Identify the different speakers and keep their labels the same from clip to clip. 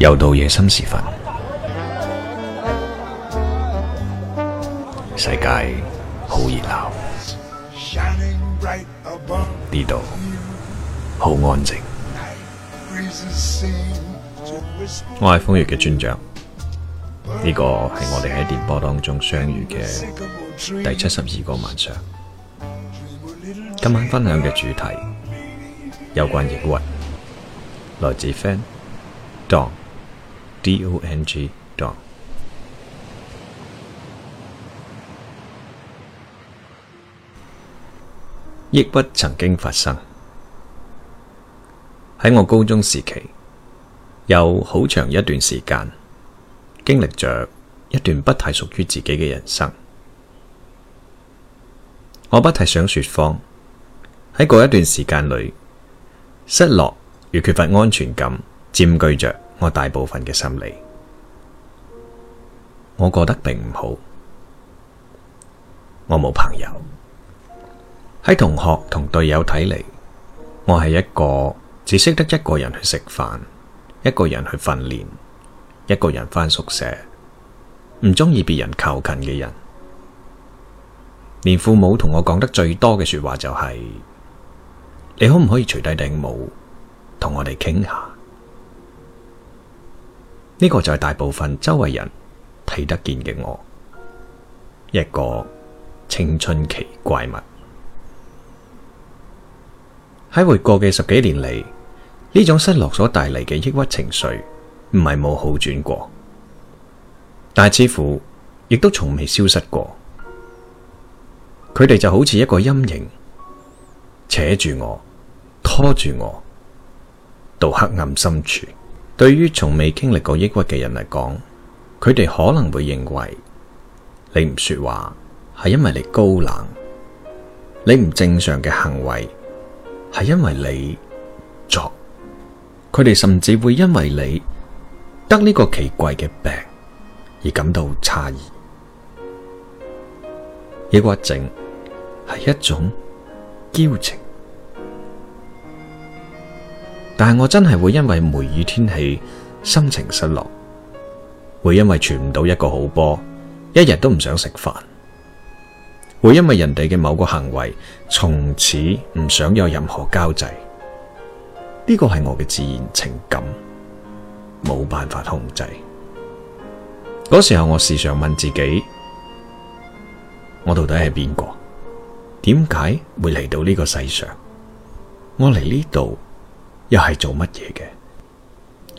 Speaker 1: 又到夜深時分，世界好熱鬧，呢度好安靜。我係瘋粵嘅村長，呢個係我哋喺電波當中相遇嘅第七十二個晚上。今晚分享嘅主題。有關抑鬱，來自 Fan Dong，D O N G，Don。抑鬱曾經發生喺我高中時期，有好長一段時間經歷着一段不太屬於自己嘅人生。我不太想說謊喺嗰一段時間裏。失落，與缺乏安全感，佔據着我大部分嘅心理。我過得並唔好，我冇朋友。喺同學同隊友睇嚟，我係一個只識得一個人去食飯，一個人去訓練，一個人返宿舍，唔鍾意別人靠近嘅人。連父母同我講得最多嘅說話就係、是。你可唔可以除低頂帽，同我哋傾下？呢個就係大部分周圍人睇得見嘅我，一個青春期怪物。喺活過嘅十幾年嚟，呢種失落所帶嚟嘅抑鬱情緒，唔係冇好轉過，但係似乎亦都從未消失過。佢哋就好似一個陰影。扯住我，拖住我到黑暗深處。對於從未經歷過抑鬱嘅人嚟講，佢哋可能會認為你唔說話係因為你高冷，你唔正常嘅行為係因為你作。佢哋甚至會因為你得呢個奇怪嘅病而感到詫異。抑鬱症係一種矯情。但係我真係會因為梅雨天氣心情失落，會因為傳唔到一個好波，一日都唔想食飯，會因為人哋嘅某個行為從此唔想有任何交際。呢個係我嘅自然情感，冇辦法控制。嗰時候我時常問自己：我到底係邊個？點解會嚟到呢個世上？我嚟呢度。又係做乜嘢？嘅？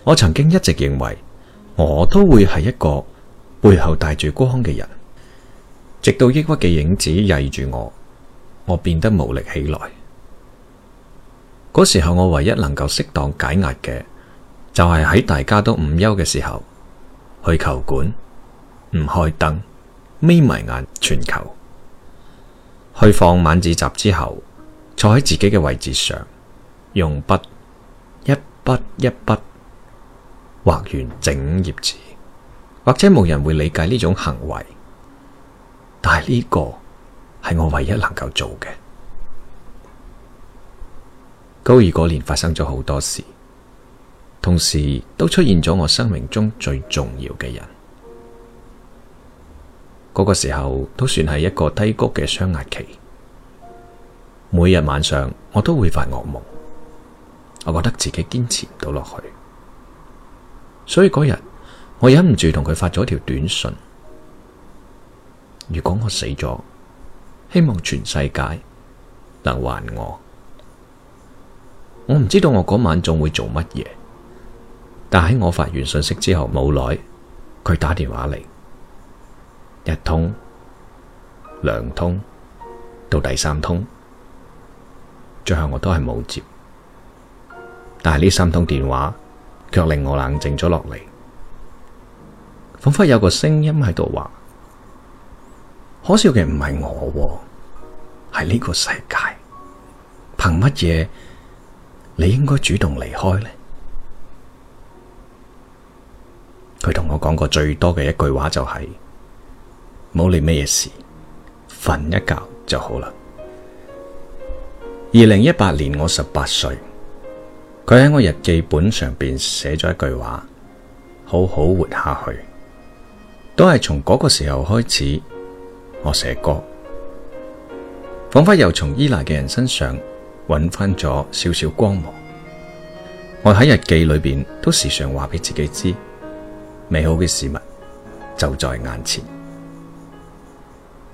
Speaker 1: 我曾經一直認為我都會係一個背後帶住光嘅人，直到抑鬱嘅影子拽住我，我變得無力起來。嗰時候，我唯一能夠適當解壓嘅就係、是、喺大家都午休嘅時候去球館，唔開燈，眯埋眼傳球。去放晚自習之後，坐喺自己嘅位置上，用筆。一筆一筆畫完整頁紙，或者冇人會理解呢種行為，但係呢個係我唯一能夠做嘅。高二嗰年發生咗好多事，同時都出現咗我生命中最重要嘅人。嗰個時候都算係一個低谷嘅雙壓期，每日晚上我都會發噩夢。我覺得自己堅持唔到落去，所以嗰日我忍唔住同佢發咗條短信。如果我死咗，希望全世界能還我。我唔知道我嗰晚仲會做乜嘢，但喺我發完信息之後冇耐，佢打電話嚟，一通、兩通到第三通，最後我都係冇接。但係呢三通電話，卻令我冷靜咗落嚟，仿佛有個聲音喺度話，可笑嘅唔係我，係呢個世界，憑乜嘢你應該主動離開呢？佢同我講過最多嘅一句話就係，冇你咩嘢事，瞓一覺就好啦。二零一八年我十八歲。佢喺我日記本上邊寫咗一句話：好好活下去。都係從嗰個時候開始，我寫歌，仿佛又從依賴嘅人身上揾翻咗少少光芒。我喺日記裏邊都時常話俾自己知，美好嘅事物就在眼前。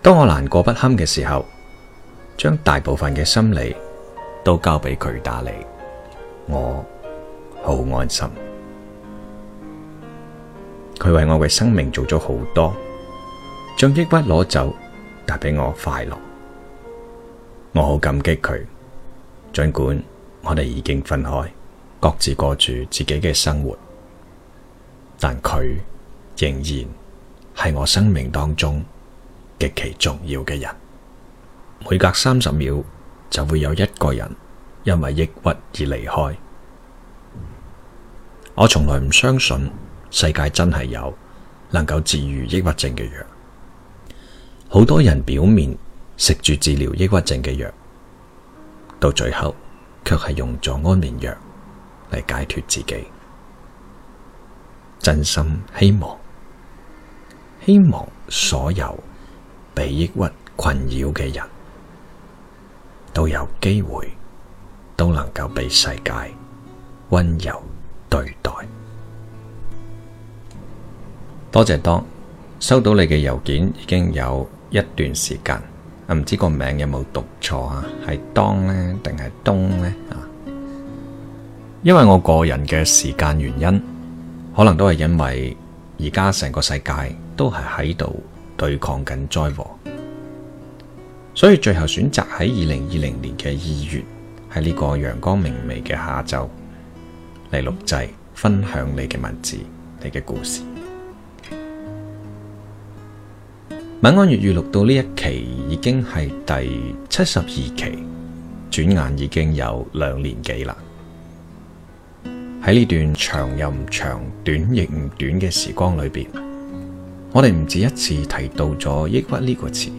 Speaker 1: 當我難過不堪嘅時候，將大部分嘅心理都交俾佢打理。我好安心，佢為我嘅生命做咗好多，將抑鬱攞走，帶俾我快樂。我好感激佢，盡管我哋已經分開，各自過住自己嘅生活，但佢仍然係我生命當中極其重要嘅人。每隔三十秒就會有一個人。因為抑鬱而離開，我從來唔相信世界真係有能夠治愈抑鬱症嘅藥。好多人表面食住治療抑鬱症嘅藥，到最後卻係用咗安眠藥嚟解脱自己。真心希望，希望所有被抑鬱困擾嘅人都有機會。都能夠被世界溫柔對待。多謝當，收到你嘅郵件已經有一段時間，唔知個名有冇讀錯啊？係當呢定係冬呢？啊？因為我個人嘅時間原因，可能都係因為而家成個世界都係喺度對抗緊災禍，所以最後選擇喺二零二零年嘅二月。喺呢個陽光明媚嘅下晝嚟錄製，分享你嘅文字，你嘅故事。晚安粵語錄到呢一期已經係第七十二期，轉眼已經有兩年幾啦。喺呢段長又唔長、短亦唔短嘅時光裏邊，我哋唔止一次提到咗抑鬱呢個詞。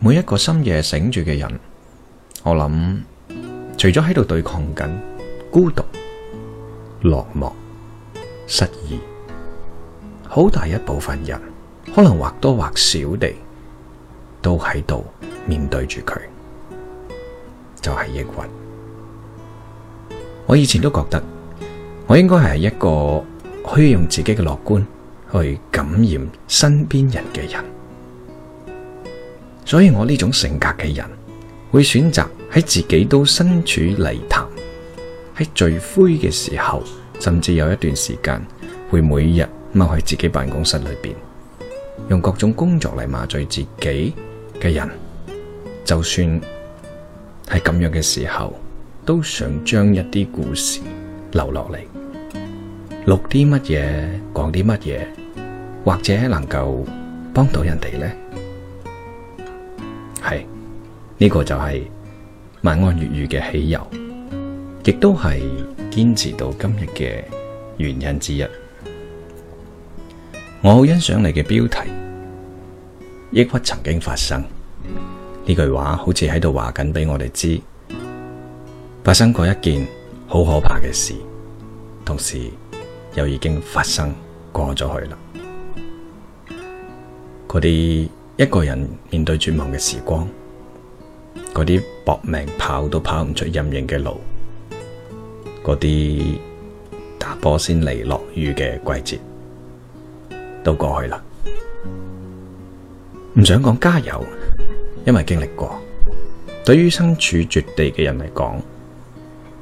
Speaker 1: 每一個深夜醒住嘅人，我諗，除咗喺度對抗緊孤獨、落寞、失意，好大一部分人可能或多或少地都喺度面對住佢，就係抑鬱。我以前都覺得，我應該係一個可以用自己嘅樂觀去感染身邊人嘅人，所以我呢種性格嘅人。會選擇喺自己都身處泥潭，喺最灰嘅時候，甚至有一段時間會每日踎喺自己辦公室裏邊，用各種工作嚟麻醉自己嘅人，就算喺咁樣嘅時候，都想將一啲故事留落嚟，錄啲乜嘢，講啲乜嘢，或者能夠幫到人哋呢？係。呢個就係晚安粵語嘅起由，亦都係堅持到今日嘅原因之一。我好欣賞你嘅標題，抑鬱曾經發生呢句話，好似喺度話緊俾我哋知，發生過一件好可怕嘅事，同時又已經發生過咗去啦。嗰啲一個人面對絕望嘅時光。嗰啲搏命跑都跑唔出陰影嘅路，嗰啲打波先嚟落雨嘅季節，都過去啦。唔想講加油，因為經歷過，對於身處絕地嘅人嚟講，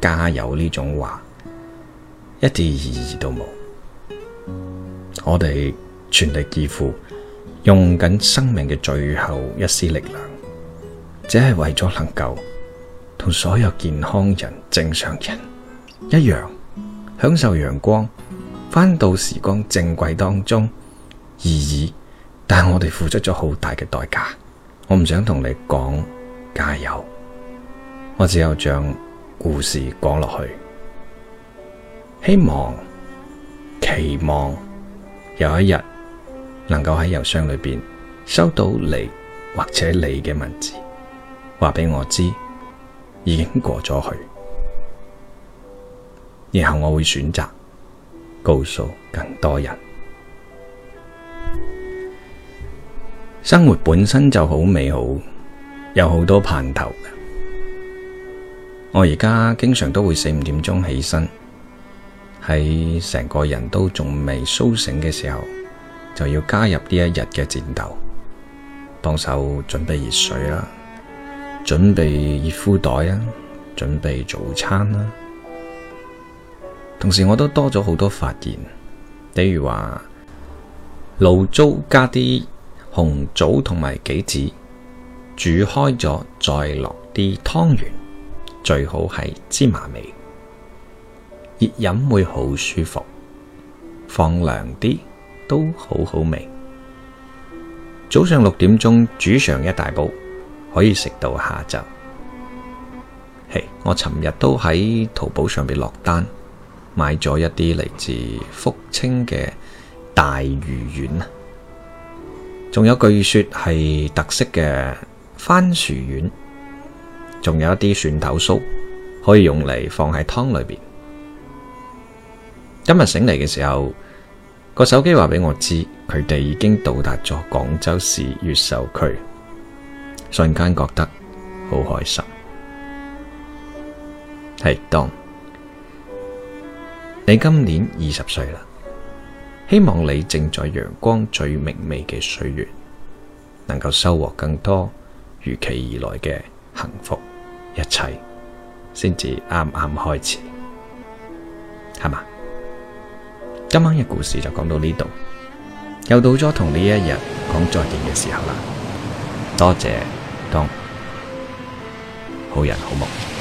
Speaker 1: 加油呢種話一啲意義都冇。我哋全力以赴，用緊生命嘅最後一絲力量。只係為咗能夠同所有健康人、正常人一樣享受陽光，翻到時光正軌當中而已。但係我哋付出咗好大嘅代價。我唔想同你講加油，我只有將故事講落去。希望期望有一日能夠喺郵箱裏邊收到你或者你嘅文字。話俾我知，已經過咗去，然後我會選擇告訴更多人，生活本身就好美好，有好多盼頭。我而家經常都會四五點鐘起身，喺成個人都仲未蘇醒嘅時候，就要加入呢一日嘅戰鬥，幫手準備熱水啦。準備熱敷袋啊，準備早餐啦、啊。同時我都多咗好多發現，例如話醪糟加啲紅棗同埋杞子，煮開咗再落啲湯圓，最好係芝麻味，熱飲會好舒服。放涼啲都好好味。早上六點鐘煮上一大煲。可以食到下晝。嘿，hey，我尋日都喺淘寶上邊落單，買咗一啲嚟自福清嘅大魚丸，仲有據說係特色嘅番薯丸，仲有一啲蒜頭酥，可以用嚟放喺湯裏邊。今日醒嚟嘅時候，個手機話俾我知，佢哋已經到達咗廣州市越秀區。瞬間覺得好開心，係 Dong，你今年二十歲啦，希望你正在陽光最明媚嘅歲月，能夠收穫更多如期而來嘅幸福，一切先至啱啱開始，係嘛？今晚嘅故事就講到呢度，又到咗同呢一日講再見嘅時候啦，多謝。當好人好夢。